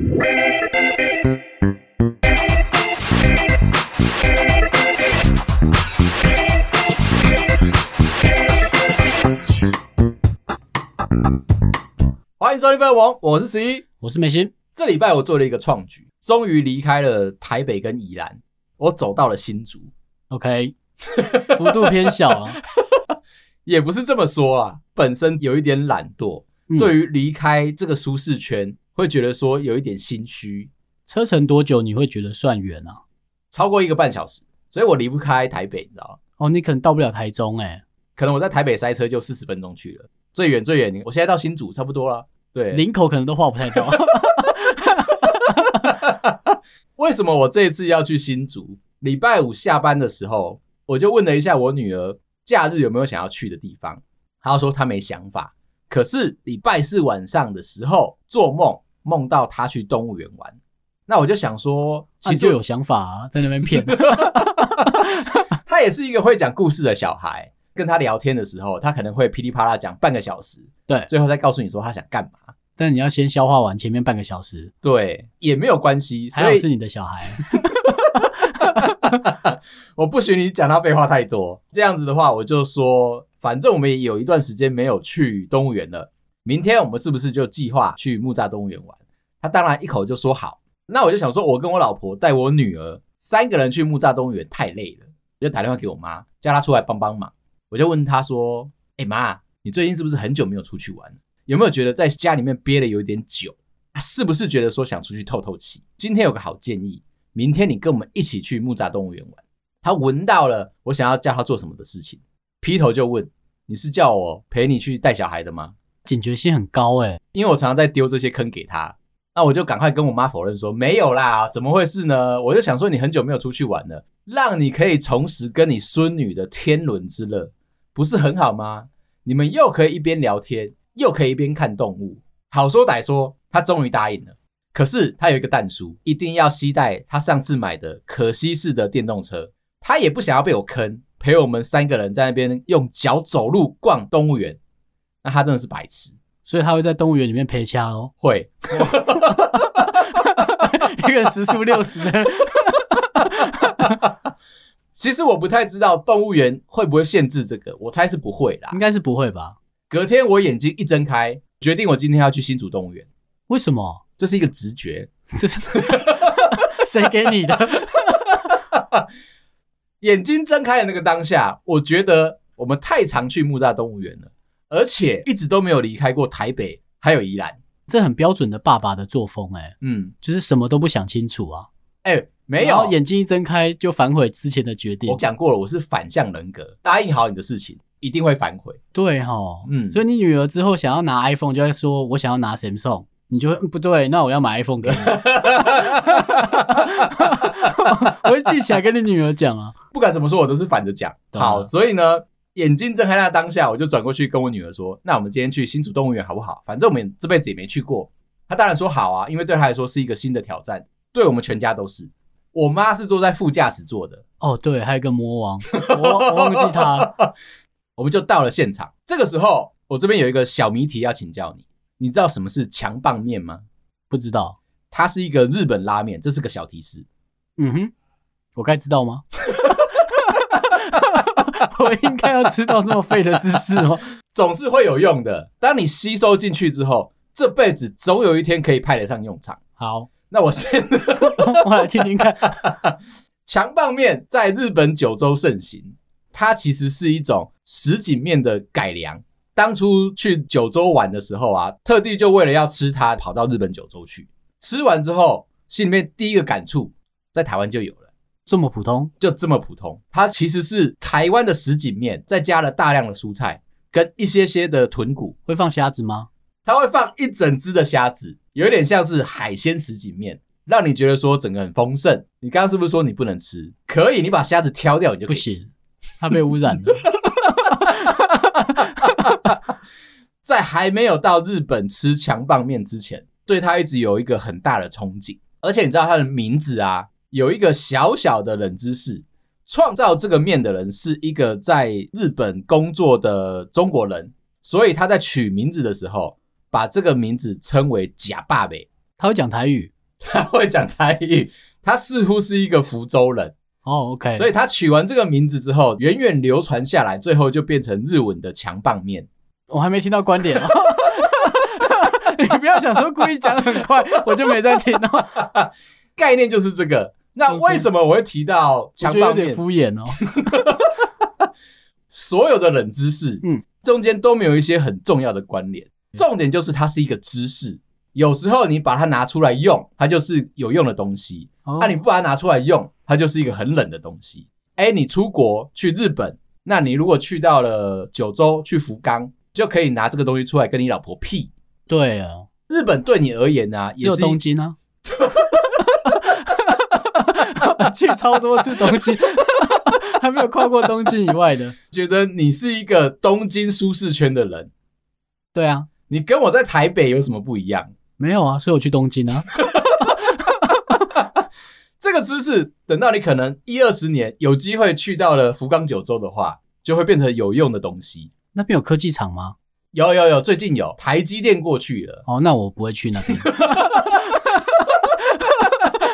歡迎收聽《百王》，我是十一，我是眉心。這禮拜我做了一個創舉，終於離開了台北跟宜蘭，我走到了新竹。OK，幅度偏小啊， 也不是這麼說啊，本身有一點懶惰，對於離開這個舒適圈。嗯會覺得說有一點心虛，車程多久你會覺得算遠啊？超過一個半小時，所以我離不開台北，你知道嗎？哦，你可能到不了台中哎、欸，可能我在台北塞車就四十分鐘去了，最遠最遠，我現在到新竹差不多了。對，林口可能都畫不太到。為什麼我這一次要去新竹？禮拜五下班的時候，我就問了一下我女兒，假日有沒有想要去的地方？她說她沒想法，可是禮拜四晚上的時候做夢。夢到他去動物園玩，那我就想說，其實我、啊、有想法、啊、在那邊騙他。 他也是一個會講故事的小孩，跟他聊天的時候，他可能會噼里啪啦講半個小時，對，最後再告訴你說他想幹嘛，但你要先消化完前面半個小時，對，也沒有關係，所以還好是你的小孩， 我不許你講他廢話太多，這樣子的話，我就說，反正我們也有一段時間沒有去動物園了。明天我們是不是就計劃去木柵動物園玩？他當然一口就說好。那我就想說，我跟我老婆帶我女兒三個人去木柵動物園太累了，我就打電話給我媽，叫她出來幫幫忙。我就問她說：“哎、欸、媽，你最近是不是很久沒有出去玩？有沒有覺得在家裡面憋了有點久？是不是覺得說想出去透透氣？今天有個好建議，明天你跟我們一起去木柵動物園玩。”他聞到了我想要叫他做什麼的事情，劈頭就問：“你是叫我陪你去帶小孩的嗎？”警覺性很高哎、欸，因為我常常在丟這些坑給他，那我就趕快跟我媽否認說，沒有啦，怎麼回事呢？我就想說你很久沒有出去玩了，讓你可以重拾跟你孫女的天倫之樂，不是很好嗎？你們又可以一邊聊天，又可以一邊看動物，好說歹說，他終於答應了。可是他有一個但書，一定要攜帶他上次買的可惜式的電動車，他也不想要被我坑，陪我們三個人在那邊用腳走路逛動物園。那他真的是白痴，所以他會在動物園裡面陪槍哦？會， 一個時速六十的。 其實我不太知道動物園會不會限制這個，我猜是不會啦，應該是不會吧。隔天我眼睛一睜開，決定我今天要去新竹動物園。為什麼？這是一個直覺。這是誰給你的？ 眼睛睜開的那個當下，我覺得我們太常去木柵動物園了。而且一直都沒有離開過台北，還有宜蘭，這很標準的爸爸的作風、欸，誒嗯，就是什麼都不想清楚啊，誒、欸、沒有，然後眼睛一睜開就反悔之前的決定。我講過了，我是反向人格，答應好你的事情一定會反悔。對哈、哦，嗯，所以你女兒之後想要拿 iPhone，就會說我想要拿 Samsung，你就會、嗯、不對，那我要買 iPhone 給你。 我會記起來跟你女兒講啊，不管怎麼說我都是反着講。好，對所以呢。眼睛睜開那當下，我就轉過去跟我女兒說：“那我們今天去新竹動物園好不好？反正我們這輩子也沒去過。”她當然說好啊，因為對她來說是一個新的挑戰，對我們全家都是。我媽是坐在副駕駛座的。哦，對，還有一個魔王，我，我忘記他。 我們就到了現場。這個時候，我這邊有一個小謎題要請教你，你知道什麼是強棒面嗎？不知道，它是一個日本拉麵，這是個小提示。嗯哼，我該知道嗎？ 我應該要吃到這麼廢的知識哦？總是會有用的。當你吸收進去之後，這輩子總有一天可以派得上用場。好，那我先 我來聽聽看。強棒面在日本九州盛行，它其實是一種什錦麵的改良。當初去九州玩的時候啊，特地就為了要吃它，跑到日本九州去。吃完之後，心裡面第一個感觸，在台灣就有了。這麼普通，就這麼普通。它其實是台灣的什錦麵，再加了大量的蔬菜跟一些些的豚骨。會放蝦子嗎？它會放一整隻的蝦子，有一點像是海鮮什錦麵，讓你覺得說整個很豐盛。你剛剛是不是說你不能吃？可以，你把蝦子挑掉，你就不行。它被汙染了。 在還沒有到日本吃強棒麵之前，對它一直有一個很大的憧憬，而且你知道它的名字啊。有一個小小的冷知識，創造這個麵的人是一個在日本工作的中國人，所以他在取名字的時候，把這個名字稱為假霸北。他會講台語，他會講台語，他似乎是一個福州人哦、oh,，OK。所以他取完這個名字之後，遠遠流傳下來，最後就變成日文的強棒麵。我還沒聽到觀點， 你不要想說故意講得很快，我就沒在聽了、哦、 概念就是這個。那為什麼我會提到強棒麵？我覺得有點敷衍哦。 所有的冷知識，嗯，中間都沒有一些很重要的關聯。重點就是它是一個知識，有時候你把它拿出來用，它就是有用的東西；那、啊、你不把它拿出來用，它就是一個很冷的東西。哎、欸，你出國去日本，那你如果去到了九州，去福岡，就可以拿這個東西出來跟你老婆屁。對啊 了，日本對你而言呢、啊，也是東京啊。 去超多次東京， 還沒有跨過東京以外的。覺得你是一個東京舒適圈的人，對啊，你跟我在台北有什麼不一樣？沒有啊，所以我去東京啊。 這個知識等到你可能一二十年有機會去到了福岡九州的話，就會變成有用的東西。那邊有科技廠嗎？有有有，最近有台積電過去了。哦，那我不會去那邊。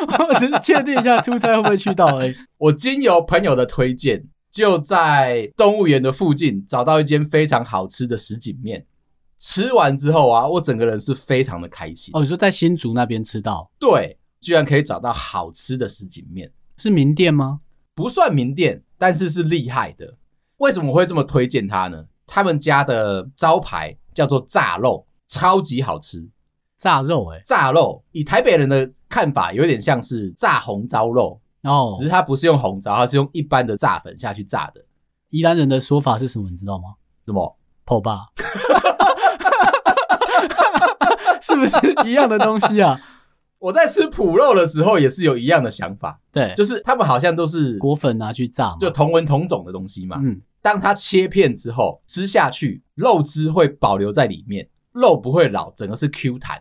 我只是確定一下出差會不會去到欸。 我經由朋友的推薦，就在動物園的附近找到一間非常好吃的什錦麵。吃完之後啊，我整個人是非常的開心。哦，你說在新竹那邊吃到？對，居然可以找到好吃的什錦麵，是名店嗎？不算名店，但是是厲害的。為什麼我會這麼推薦他呢？他們家的招牌叫做炸肉，超級好吃。炸肉欸，炸肉，以台北人的。看法有點像是炸紅糟肉哦，只是它不是用紅糟，它是用一般的炸粉下去炸的。宜蘭人的說法是什麼？你知道嗎？什麼？卜肉？是不是一樣的東西啊？我在吃卜肉的時候也是有一樣的想法。對，就是他們好像都是裹粉拿去炸，就同文同種的東西嘛。嘛嗯，當它切片之後吃下去，肉汁會保留在裡面，肉不會老，整個是 Q 彈。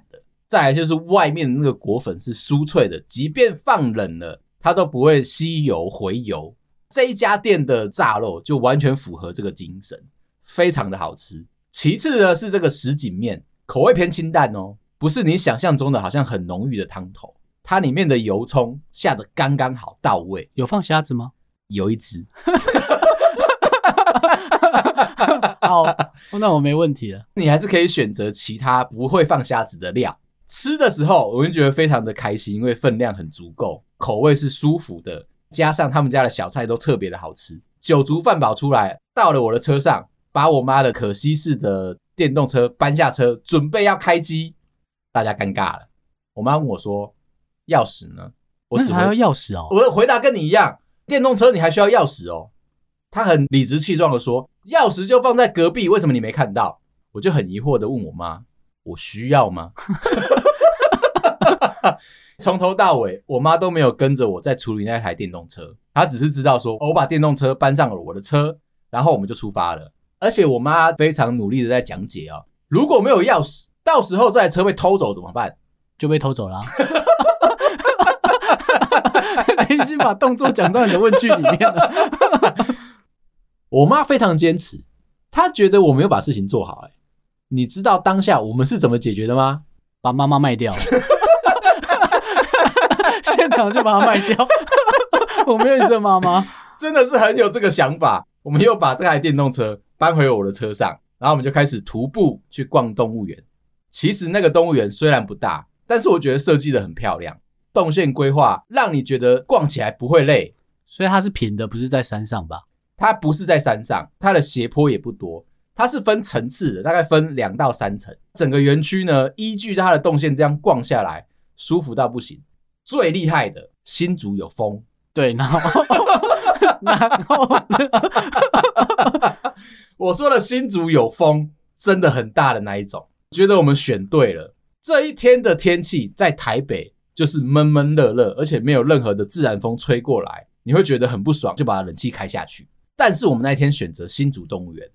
再來就是外面那個裹粉是酥脆的，即便放冷了，它都不會吸油回油。這一家店的炸肉就完全符合這個精神，非常的好吃。其次呢是這個什錦麵，口味偏清淡哦，不是你想象中的好像很濃郁的湯頭。它裡面的油蔥下得剛剛好到位。有放蝦子嗎？有一隻。好， 哦，那我沒問題了。你還是可以選擇其他不會放蝦子的料。吃的時候，我就覺得非常的開心，因為分量很足夠，口味是舒服的，加上他們家的小菜都特別的好吃。酒足飯飽出來，到了我的車上，把我媽的可攜式的電動車搬下車，準備要開機，大家尷尬了。我媽問我說：“鑰匙呢？”我：“那還要鑰匙哦。”我回答跟你一樣，電動車你還需要鑰匙哦。他很理直氣壯的說：“鑰匙就放在隔壁，為什麼你沒看到？”我就很疑惑的問我媽。我需要嗎？從 頭到尾，我媽都沒有跟着我在處理那台電動車。她只是知道說，我把電動車搬上了我的車，然後我們就出發了。而且我媽非常努力的在講解哦，如果沒有鑰匙，到時候這台車被偷走怎麼辦？就被偷走了，啊。 已經把動作講到你的問句裡面了。 我媽非常堅持，她覺得我沒有把事情做好，欸。你知道當下我們是怎麼解決的嗎？把媽媽賣掉， 現場就把它賣掉。 我不認識媽媽，真的是很有這個想法。我們又把這台電動車搬回我的車上，然後我們就開始徒步去逛動物園。其實那個動物園雖然不大，但是我覺得設計的很漂亮，動線規劃讓你覺得逛起來不會累。所以它是平的，不是在山上吧？它不是在山上，它的斜坡也不多。它是分層次的，大概分兩到三層。整個園區呢，依據它的動線這樣逛下來，舒服到不行。最厲害的，新竹有風，對，然後，然後，我說的新竹有風，真的很大的那一種。覺得我們選對了。這一天的天氣在台北就是悶悶熱熱，而且沒有任何的自然風吹過來，你會覺得很不爽，就把冷氣開下去。但是我們那一天選擇新竹動物園。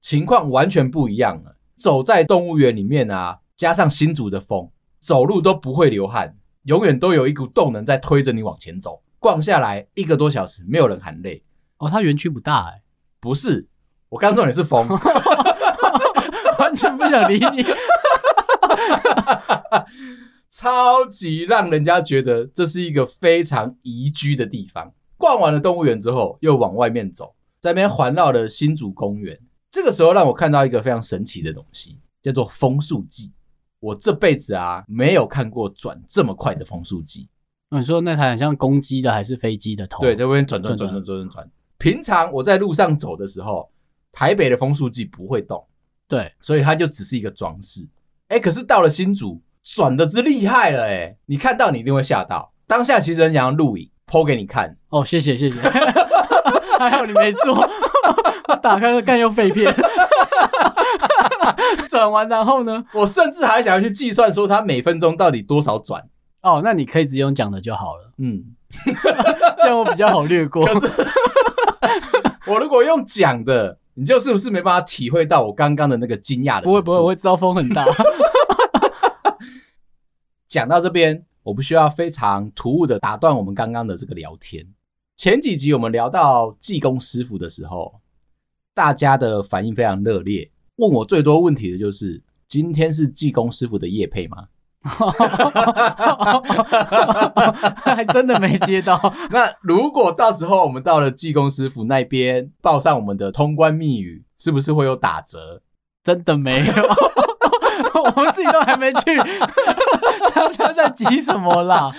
情況完全不一樣了。走在動物園裡面啊，加上新竹的風，走路都不會流汗，永遠都有一股動能在推着你往前走。逛下來一個多小時，沒有人喊累。哦，它園區不大哎、欸？不是，我剛重點是風， 完全不想理你， 超級讓人家覺得這是一個非常宜居的地方。逛完了動物園之後，又往外面走，在那邊環繞的新竹公園。這個時候讓我看到一個非常神奇的東西，叫做風速計。我這輩子啊沒有看過轉這麼快的風速計。那、哦、你說那台很像公雞的還是飛機的頭？對，在外面轉轉轉轉轉轉轉。轉的平常我在路上走的時候，台北的風速計不會動。對，所以它就只是一個裝飾。哎，可是到了新竹，轉的之厲害了哎、欸！你看到你一定會嚇到。當下其實很想要錄影，PO 給你看。哦，謝謝謝謝。 還好你沒做。 打開了干用廢片，轉 完然後呢？我甚至還想要去計算說它每分鐘到底多少轉。哦，那你可以直接用講的就好了。嗯， 這樣我比較好略過。可是我如果用講的，你就是不是沒辦法體會到我剛剛的那個驚訝的不？不會不會，我會知道風很大。講 到這邊，我不需要非常突兀的打斷我們剛剛的這個聊天。前幾集我們聊到濟公師父的時候。大家的反應非常熱烈，問我最多問題的就是：今天是濟公師傅的業配嗎？ 還真的沒接到。那如果到時候我們到了濟公師傅那邊，報上我們的通關密語，是不是會有打折？真的沒有， 我們自己都還沒去，大 家在急什麼啦？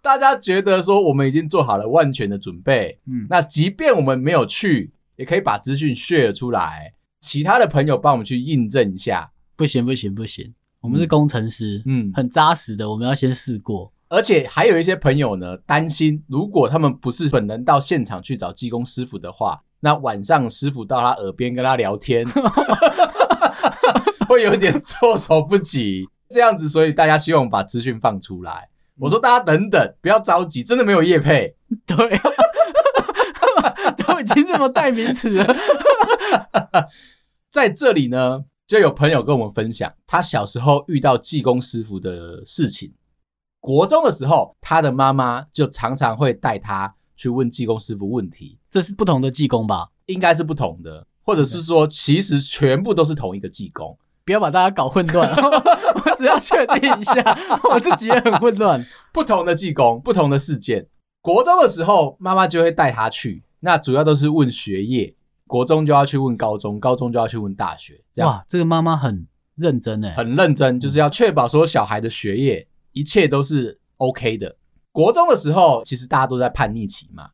大家覺得說我們已經做好了萬全的準備，嗯，那即便我們沒有去，也可以把資訊 share 出來，其他的朋友幫我們去印證一下。不行不行不行，我們是工程師，嗯，很扎實的，我們要先試過。而且還有一些朋友呢，擔心如果他們不是本人到現場去找濟公師父的話，那晚上師傅到他耳邊跟他聊天， 會有點措手不及。這樣子，所以大家希望我們把資訊放出來。嗯、我說大家等等，不要着急，真的沒有業配。對啊。 已經這麼代名詞了， 在這裡呢，就有朋友跟我們分享他小時候遇到濟公師父的事情。國中的時候，他的媽媽就常常會帶他去問濟公師父問題。這是不同的濟公吧？應該是不同的，或者是說，其實全部都是同一個濟公？ 不要把大家搞混亂哦，我只要確定一下，我自己也很混亂。 不同的濟公，不同的事件。國中的時候，媽媽就會帶他去。那主要都是問學業，國中就要去問高中，高中就要去問大學。這樣。哇，這個媽媽很認真呢。欸，很認真，嗯、就是要確保說小孩的學業一切都是 OK 的。國中的時候，其實大家都在叛逆期嘛，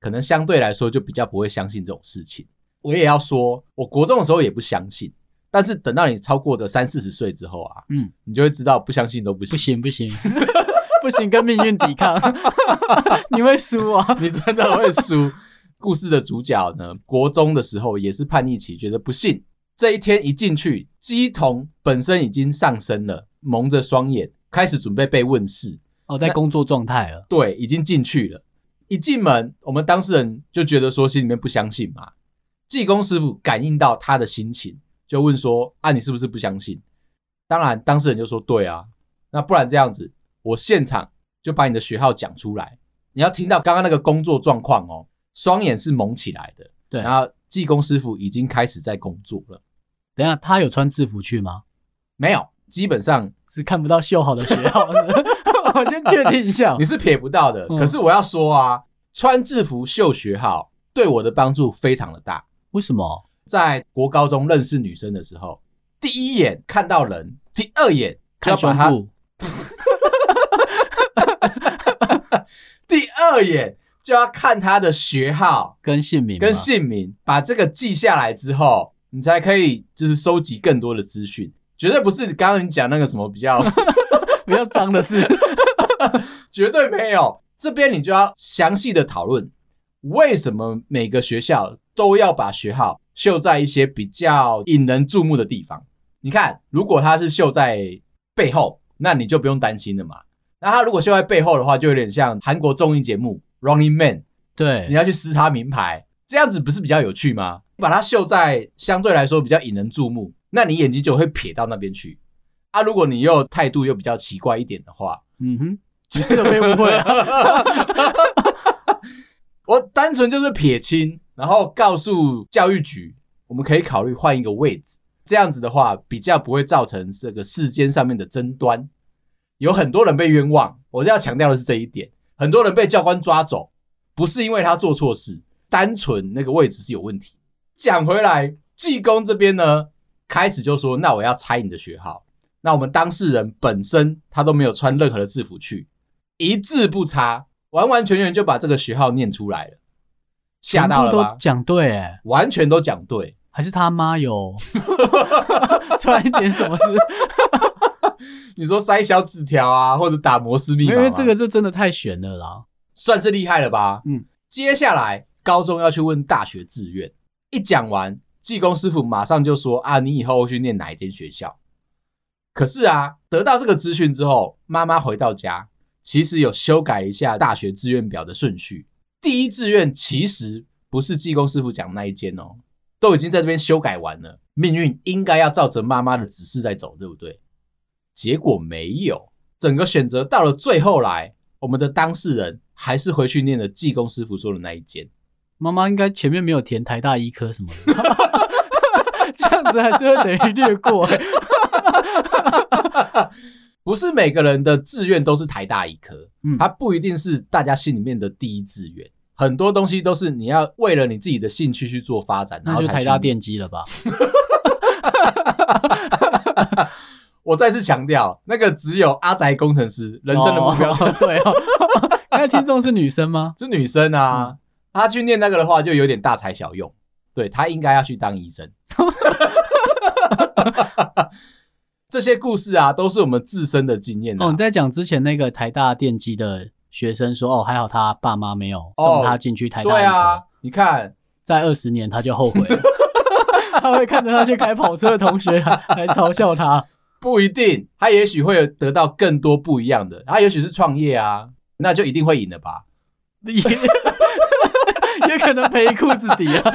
可能相對來說就比較不會相信這種事情。我也要說，我國中的時候也不相信，但是等到你超過的三四十歲之後啊，嗯，你就會知道不相信都不行，不行不行，不行， 不行跟命運抵抗， 你會輸啊，你真的會輸。故事的主角呢，國中的時候也是叛逆期，覺得不信。這一天一進去，乩童本身已經上身了，蒙着雙眼，開始準備被問事。哦，在工作狀態了。對，已經進去了。一進門，我們當事人就覺得說心裡面不相信嘛。濟公師父感應到他的心情，就問說：“啊，你是不是不相信？”當然，當事人就說：“對啊，那不然這樣子，我現場就把你的學號講出來，你要聽到剛剛那個工作狀況哦。”雙眼是蒙起來的，對。然後濟公師父已經開始在工作了。等一下他有穿制服去嗎？沒有，基本上是看不到繡好的學號的。 我先確定一下，你是撇不到的。嗯、可是我要說啊，穿制服繡學號對我的幫助非常的大。為什麼？在國高中認識女生的時候，第一眼看到人，第二眼他看全胸部， 第二眼。就要看他的學號跟姓名，跟姓名，把這個記下來之後，你才可以就是收集更多的資訊。絕對不是剛剛你講那個什麼比較 比較髒的事， 絕對沒有。這邊你就要詳細的討論為什麼每個學校都要把學號繡在一些比較引人注目的地方。你看，如果他是繡在背後，那你就不用擔心了嘛。那他如果繡在背後的話，就有點像韓國綜藝節目。Running Man，對，你要去撕他名牌，這樣子不是比較有趣嗎？把它秀在相對來說比較引人注目，那你眼睛就會瞥到那邊去。啊，如果你又態度又比較奇怪一點的話，嗯哼，其實是被誤會了、啊。 我單純就是撇清，然後告訴教育局，我們可以考慮換一個位置。這樣子的話，比較不會造成這個世間上面的爭端。有很多人被冤枉，我就要強調的是這一點。很多人被教官抓走，不是因為他做錯事，單純那個位置是有問題。講回來，濟公這邊呢，開始就說：“那我要猜你的學號。”那我們當事人本身他都沒有穿任何的制服去，一字不差，完完全全就把這個學號念出來了，嚇到了嗎？都講對、欸，完全都講對，還是他媽有 出來一點什麼事？ 你說塞小紙條啊，或者打摩斯密碼？因為這個就真的太玄了啦，算是厲害了吧？嗯，接下來高中要去問大學志願，一講完，濟公師傅馬上就說：“啊，你以後會去念哪一間學校？”可是啊，得到這個資訊之後，媽媽回到家，其實有修改一下大學志願表的順序。第一志願其實不是濟公師傅講那一間哦，都已經在這邊修改完了。命運應該要照着媽媽的指示在走，對不對？結果沒有，整個選擇到了最後來，我們的當事人還是回去念了濟公師傅說的那一間。媽媽應該前面沒有填台大醫科什麼的， 這樣子還是會等於略過。 不是每個人的志願都是台大醫科，嗯，它不一定是大家心裡面的第一志願，很多東西都是你要為了你自己的興趣去做發展，然後就台大電機了吧。 我再次強調，那個只有阿宅工程師人生的目標，對哦。那、哦、聽眾是女生嗎？ 是女生啊。嗯、他去念那個的話，就有點大材小用。對，他應該要去當醫生。 這些故事啊，都是我們自身的經驗、啊。哦，你在講之前那個台大電機的學生說，哦，還好他爸媽沒有送他進去台大、哦。對啊，你看，在二十年他就後悔了。 他會看着那些開跑車的同學來， 來嘲笑他。不一定，他也許會得到更多不一樣的，他也許是創業啊，那就一定會贏了吧？ 也可能賠褲子底啊。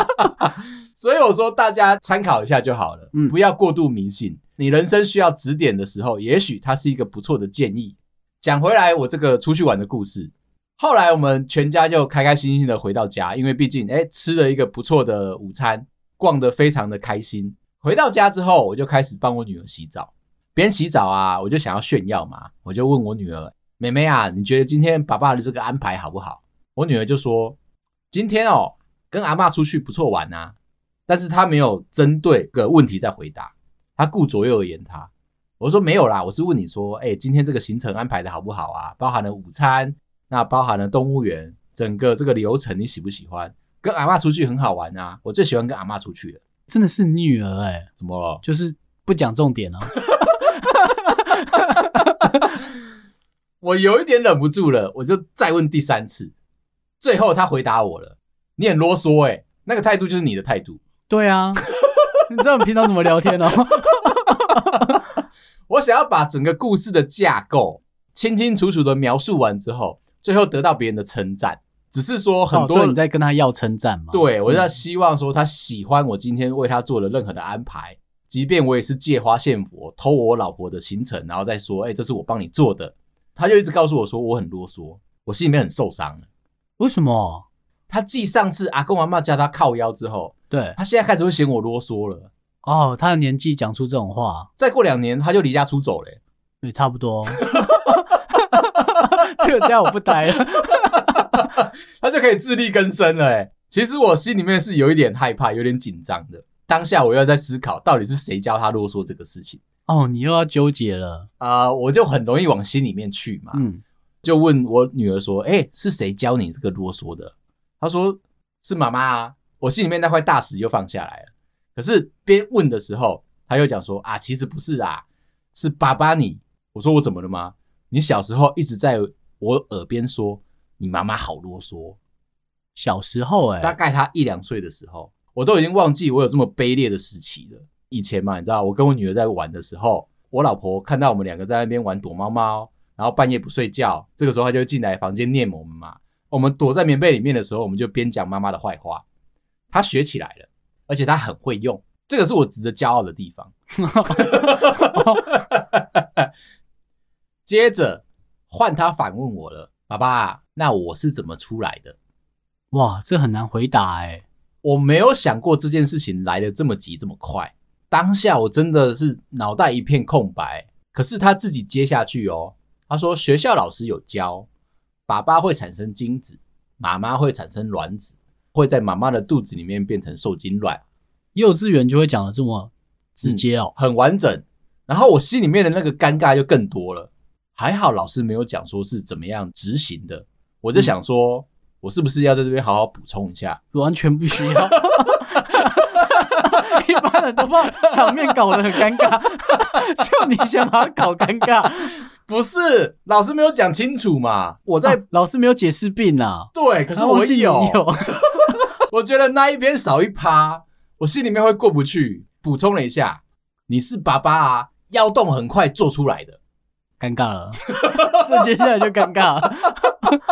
所以我說，大家參考一下就好了，不要過度迷信。嗯、你人生需要指點的時候，也許他是一個不錯的建議。講回來，我這個出去玩的故事，後來我們全家就開開心心的回到家，因為畢竟誒、欸、吃了一個不錯的午餐，逛得非常的開心。回到家之後，我就開始幫我女兒洗澡，邊洗澡啊，我就想要炫耀嘛，我就問我女兒：“妹妹啊，你覺得今天爸爸的這個安排好不好？”我女兒就說：“今天哦，跟阿嬤出去不錯玩啊。”但是她沒有針對個問題在回答，她顧左右而言他。我說：“沒有啦，我是問你說，哎、欸，今天這個行程安排的好不好啊？包含了午餐，那包含了動物園，整個這個流程你喜不喜歡？跟阿嬤出去很好玩啊，我最喜歡跟阿嬤出去了。”真的是你女兒哎、欸，怎麼了？就是不講重點哦、啊。 我有一點忍不住了，我就再問第三次。最後他回答我了：“你很囉嗦哎、欸，那個態度就是你的態度。”對啊，你知道我們平常怎麼聊天哦、啊？ 我想要把整個故事的架構清清楚楚的描述完之後，最後得到別人的稱讚。只是說很多人、哦、在跟他要稱讚嘛。對，我就在希望說他喜歡我今天為他做了任何的安排，嗯、即便我也是借花獻佛，偷我,我老婆的行程，然後再說，哎、欸，這是我幫你做的。他就一直告訴我說我很囉嗦，我心裡面很受傷了。為什麼？他繼上次阿公阿嬤叫他靠腰之後，對他現在開始會嫌我囉嗦了。哦，他的年紀講出這種話，再過兩年他就離家出走了、欸。對，差不多。 這個家我不待了。 他就可以自力更生了誒。其實我心裡面是有一點害怕，有點緊張的。當下我又在思考，到底是誰教他囉嗦這個事情？哦，你又要糾結了啊！Uh, 我就很容易往心裡面去嘛。嗯，就問我女兒說：“哎、欸，是誰教你這個囉嗦的？”她說：“是媽媽啊。”我心裡面那塊大石又放下來了。可是邊問的時候，她又講說：“啊，其實不是啊，是爸爸你。”我說：“我怎麼了嗎？”你小時候一直在我耳邊說。你媽媽好囉嗦。小時候誒、欸。大概她一兩歲的時候，我都已經忘記我有這麼卑劣的時期了。以前嘛，你知道，我跟我女兒在玩的時候，我老婆看到我們兩個在那邊玩躲貓貓，然後半夜不睡覺，這個時候她就進來房間念我們嘛。我們躲在棉被裡面的時候，我們就邊講媽媽的壞話。她學起來了，而且她很會用，這個是我值得驕傲的地方。 接着換她反問我了。爸爸，那我是怎麼出來的？哇，這很難回答哎、欸！我沒有想過這件事情來得這麼急這麼快，當下我真的是腦袋一片空白。可是他自己接下去哦，他說學校老師有教，爸爸會產生精子，媽媽會產生卵子，會在媽媽的肚子裡面變成受精卵。幼稚園就會講的這麼直接哦，很完整。然後我心裡面的那個尷尬就更多了。還好老師沒有講說是怎麼樣執行的，我就想說，我是不是要在這邊好好補充一下？完全不需要， 一般人都怕場面搞得很尷尬， 就你想把它搞尷尬，不是老師沒有講清楚嘛？我在、啊、老師沒有解釋病啊，對，可是我有，有 我覺得那一邊少一趴，我心裡面會過不去。補充了一下，你是爸爸啊，腰動很快做出來的。尷尬了， 這接下來就尷尬了。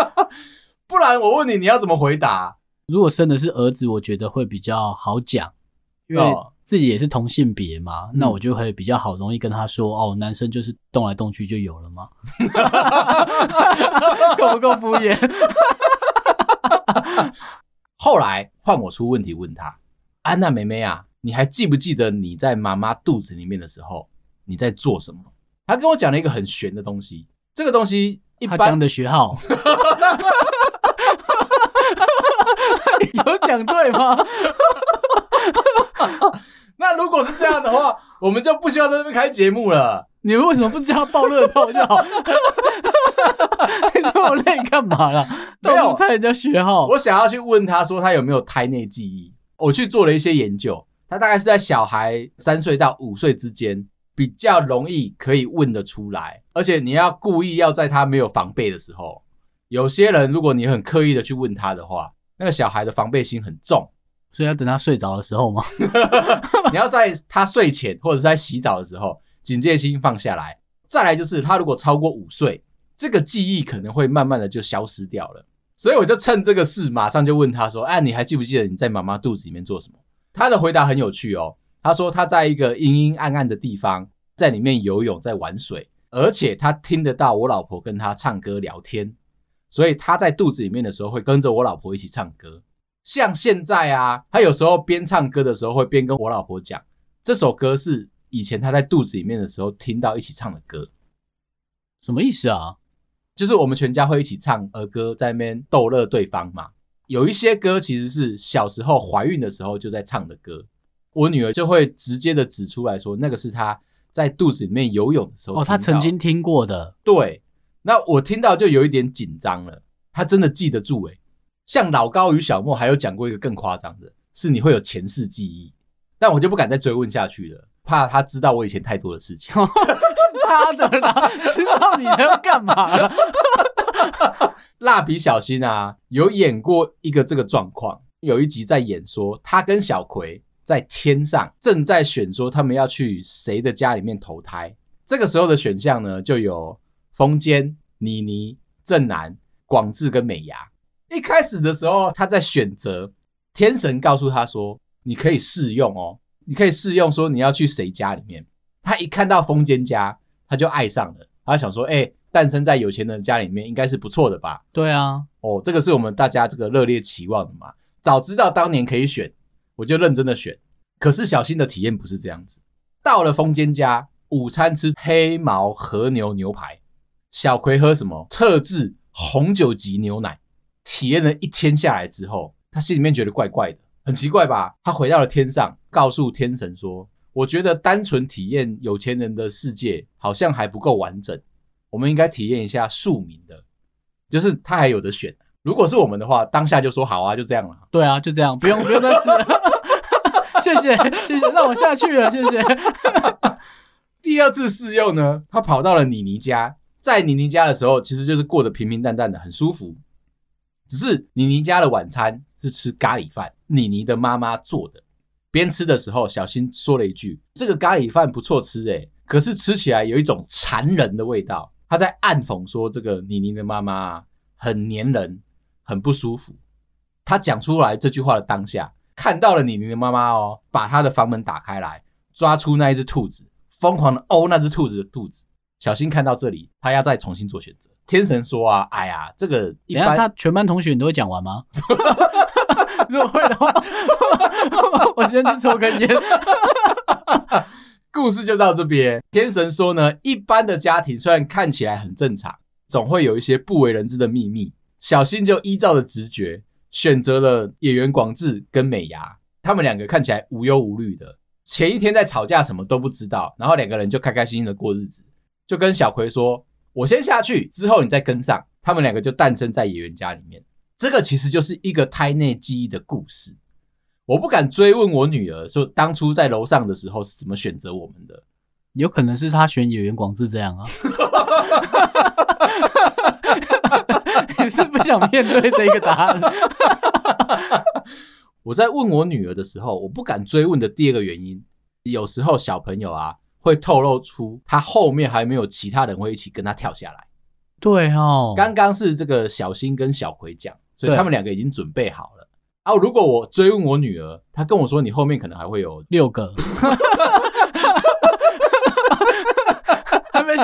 不然我問你，你要怎麼回答？如果生的是兒子，我覺得會比較好講，因為自己也是同性別嘛，哦、那我就會比較好容易跟他說、嗯、哦，男生就是動來動去就有了嘛。 夠不夠敷衍？ 後來換我出問題問他，安娜妹妹啊，你還記不記得你在媽媽肚子裡面的時候，你在做什麼？他跟我講了一個很玄的東西，這個東西一般他講的學號 有講對嗎？ 那如果是這樣的話，我們就不需要在這邊開節目了。你們為什麼不知道爆熱透就好？ 你那麼累幹嘛了？沒有猜人家學號，我想要去問他說他有沒有胎內記憶。我去做了一些研究，他大概是在小孩三歲到五歲之間，比較容易可以問得出來，而且你要故意要在他沒有防備的時候，有些人如果你很刻意的去問他的話，那個小孩的防備心很重，所以要等他睡着的時候嗎？ 你要在他睡前或者是在洗澡的時候，警戒心放下來。再來就是他如果超過五歲，這個記憶可能會慢慢的就消失掉了，所以我就趁這個事馬上就問他說：“哎，你還記不記得你在媽媽肚子裡面做什麼？”他的回答很有趣哦。他說他在一個陰陰暗暗的地方，在裡面游泳，在玩水，而且他聽得到我老婆跟他唱歌聊天，所以他在肚子裡面的時候會跟着我老婆一起唱歌。像現在啊，他有時候邊唱歌的時候會邊跟我老婆講，這首歌是以前他在肚子裡面的時候聽到一起唱的歌。什麼意思啊？就是我們全家會一起唱兒歌，在那邊逗樂對方嘛。有一些歌其實是小時候懷孕的時候就在唱的歌。我女兒就會直接的指出來說，那個是她在肚子裡面游泳的時候的哦，她曾經聽過的。對，那我聽到就有一點緊張了。她真的記得住哎、欸，像老高與小莫還有講過一個更誇張的，是你會有前世記憶，但我就不敢再追問下去了，怕他知道我以前太多的事情。 是他的啦， 知道你要幹嘛了。蠟 筆小新啊，有演過一個這個狀況，有一集在演說他跟小葵，在天上正在選，說他們要去誰的家裡面投胎。這個時候的選項呢，就有風間、妮妮、正男、廣志跟美伢。一開始的時候，他在選擇，天神告訴他說：“你可以試用哦，你可以試用，說你要去誰家裡面。”他一看到風間家，他就愛上了。他想說：“哎、欸，誕生在有錢人家裡面，應該是不錯的吧？”對啊，哦，這個是我們大家這個熱烈期望的嘛。早知道當年可以選。我就認真的選，可是小新的體驗不是這樣子。到了風間家，午餐吃黑毛和牛牛排，小葵喝什麼特製紅酒級牛奶。體驗了一天下來之後，他心裡面覺得怪怪的，很奇怪吧？他回到了天上，告訴天神說：“我覺得單純體驗有錢人的世界好像還不夠完整，我們應該體驗一下庶民的。”就是他還有得選。如果是我們的話，當下就說好啊，就這樣了。對啊，就這樣，不用不用再吃了。 謝謝謝謝，讓我下去了，謝謝。 第二次試用呢，他跑到了妮妮家，在妮妮家的時候，其實就是過得平平淡淡的，很舒服。只是妮妮家的晚餐是吃咖喱飯，妮妮的媽媽做的。邊吃的時候，小新說了一句：“這個咖喱飯不錯吃誒、欸，可是吃起來有一種纏人的味道。”他在暗諷說：“這個妮妮的媽媽、啊、很黏人。”很不舒服。他講出來這句話的當下，看到了你，你的媽媽哦，把他的房門打開來，抓出那一隻兔子，瘋狂的毆那隻兔子的肚子。小新看到這裡，他要再重新做選擇。天神說啊，哎呀，這個一般，他全班同學你都會講完嗎？ 如果會的話，我先去抽根煙。 故事就到這邊。天神說呢，一般的家庭雖然看起來很正常，總會有一些不為人知的秘密。小新就依照著直覺選擇了野原廣志跟美伢。他們兩個看起來無憂無慮的。前一天在吵架，什麼都不知道，然後兩個人就開開心心的過日子，就跟小葵說：“我先下去，之後你再跟上。”他們兩個就誕生在野原家裡面，這個其實就是一個胎內記憶的故事。我不敢追問我女兒說，當初在樓上的時候是怎麼選擇我們的？有可能是他選野原廣志這樣啊？ 你是不想面對這個答案？我在問我女兒的時候，我不敢追問的第二個原因，有時候小朋友啊會透露出他後面還沒有其他人會一起跟他跳下來。對哦，剛剛是這個小新跟小葵講，所以他們兩個已經準備好了。對啊，如果我追問我女兒，她跟我說你後面可能還會有六個。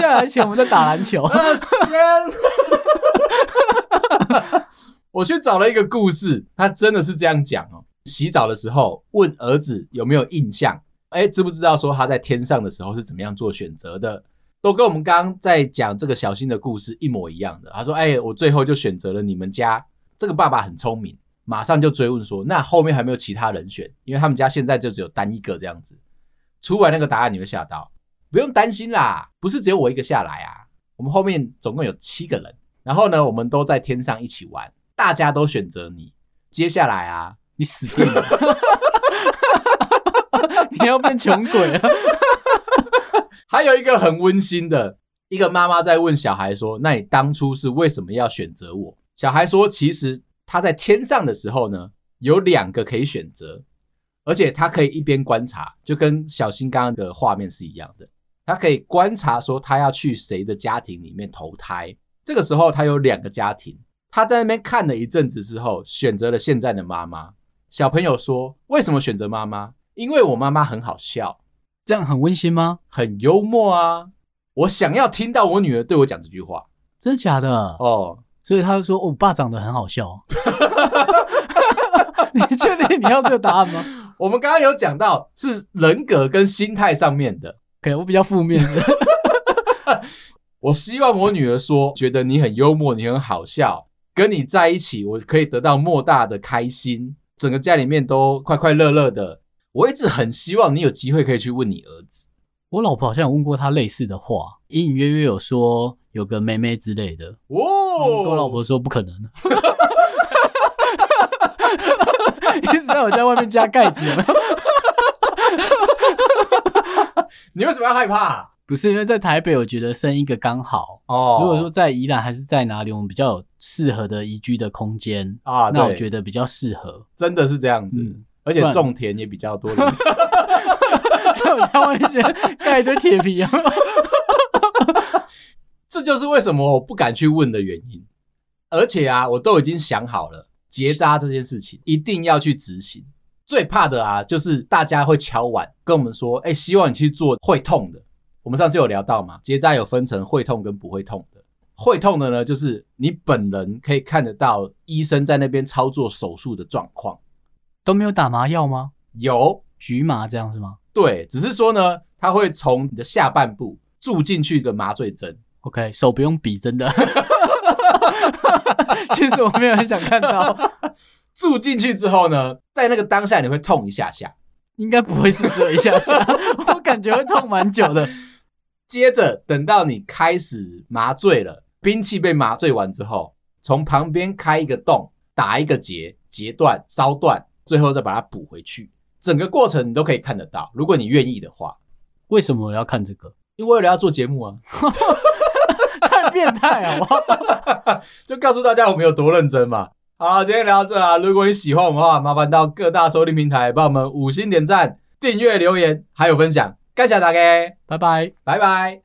下來前我們在打籃球。 我去找了一個故事，他真的是這樣講哦。洗澡的時候問兒子有沒有印象，哎，知不知道說他在天上的時候是怎麼樣做選擇的？都跟我們剛剛在講這個小新的故事一模一樣的。他說：“哎，我最後就選擇了你們家。”這個爸爸很聰明，馬上就追問說：“那後面還沒有其他人選？因為他們家現在就只有單一個這樣子。”出來那個答案你會嚇到。不用擔心啦，不是只有我一個下來啊，我們後面總共有七個人，然後呢，我們都在天上一起玩，大家都選擇你，接下來啊，你死定了， 你要變窮鬼了。 還有一個很溫馨的一個媽媽在問小孩說：“那你當初是為什麼要選擇我？”小孩說：“其實他在天上的時候呢，有兩個可以選擇，而且他可以一邊觀察，就跟小新剛剛的畫面是一樣的。”他可以觀察說，他要去誰的家庭裡面投胎。這個時候，他有兩個家庭，他在那邊看了一陣子之後，選擇了現在的媽媽。小朋友說：“為什麼選擇媽媽？因為我媽媽很好笑，這樣很溫馨嗎？很幽默啊！我想要聽到我女兒對我講這句話，真的假的？哦，oh. 所以他就說，哦，我爸長得很好笑。 你確定你要這個答案嗎？ 我們剛剛有講到是人格跟心態上面的。”可能我比較負面。 我希望我女兒說，覺得你很幽默，你很好笑，跟你在一起，我可以得到莫大的開心，整個家裡面都快快樂樂的。我一直很希望你有機會可以去問你兒子。我老婆好像有問過他類似的話，隱隱約約有說有個妹妹之類的。我、喔嗯、老婆說不可能。 一直在我在外面加蓋子有沒有。你為什麼要害怕、啊？不是因為在台北，我覺得生一個剛好哦。如果說在宜蘭還是在哪裡，我們比較有適合的宜居的空間啊，那我覺得比較適合，真的是這樣子。嗯、而且種田也比較多人。 哈哈哈哈，在我家外面蓋一堆鐵皮、啊， 這就是為什麼我不敢去問的原因。而且啊，我都已經想好了，結紮這件事情，一定要去執行。最怕的啊，就是大家會敲碗跟我們說，哎，希望你去做會痛的。我們上次有聊到嘛，結紮有分成會痛跟不會痛的。會痛的呢，就是你本人可以看得到醫生在那邊操作手術的狀況，都沒有打麻藥嗎？有，局麻這樣是嗎？對，只是說呢，他會從你的下半部注進去的麻醉針。OK，手不用比真的， 其實我沒有很想看到。住進去之後呢，在那個當下你會痛一下下，應該不會是這一下下， 我感覺會痛蠻久的。接着等到你開始麻醉了，兵器被麻醉完之後，從旁邊開一個洞，打一個結，截斷、燒斷，最後再把它補回去。整個過程你都可以看得到，如果你願意的話。為什麼我要看這個？因為我有要做節目啊！ 太變態啊、哦！ 就告訴大家我們有多認真嘛。好，今天聊到這啊！如果你喜歡我們的話，麻煩到各大收聽平台幫我們五星點讚、訂閱、留言，還有分享，感謝大家！拜拜，拜拜。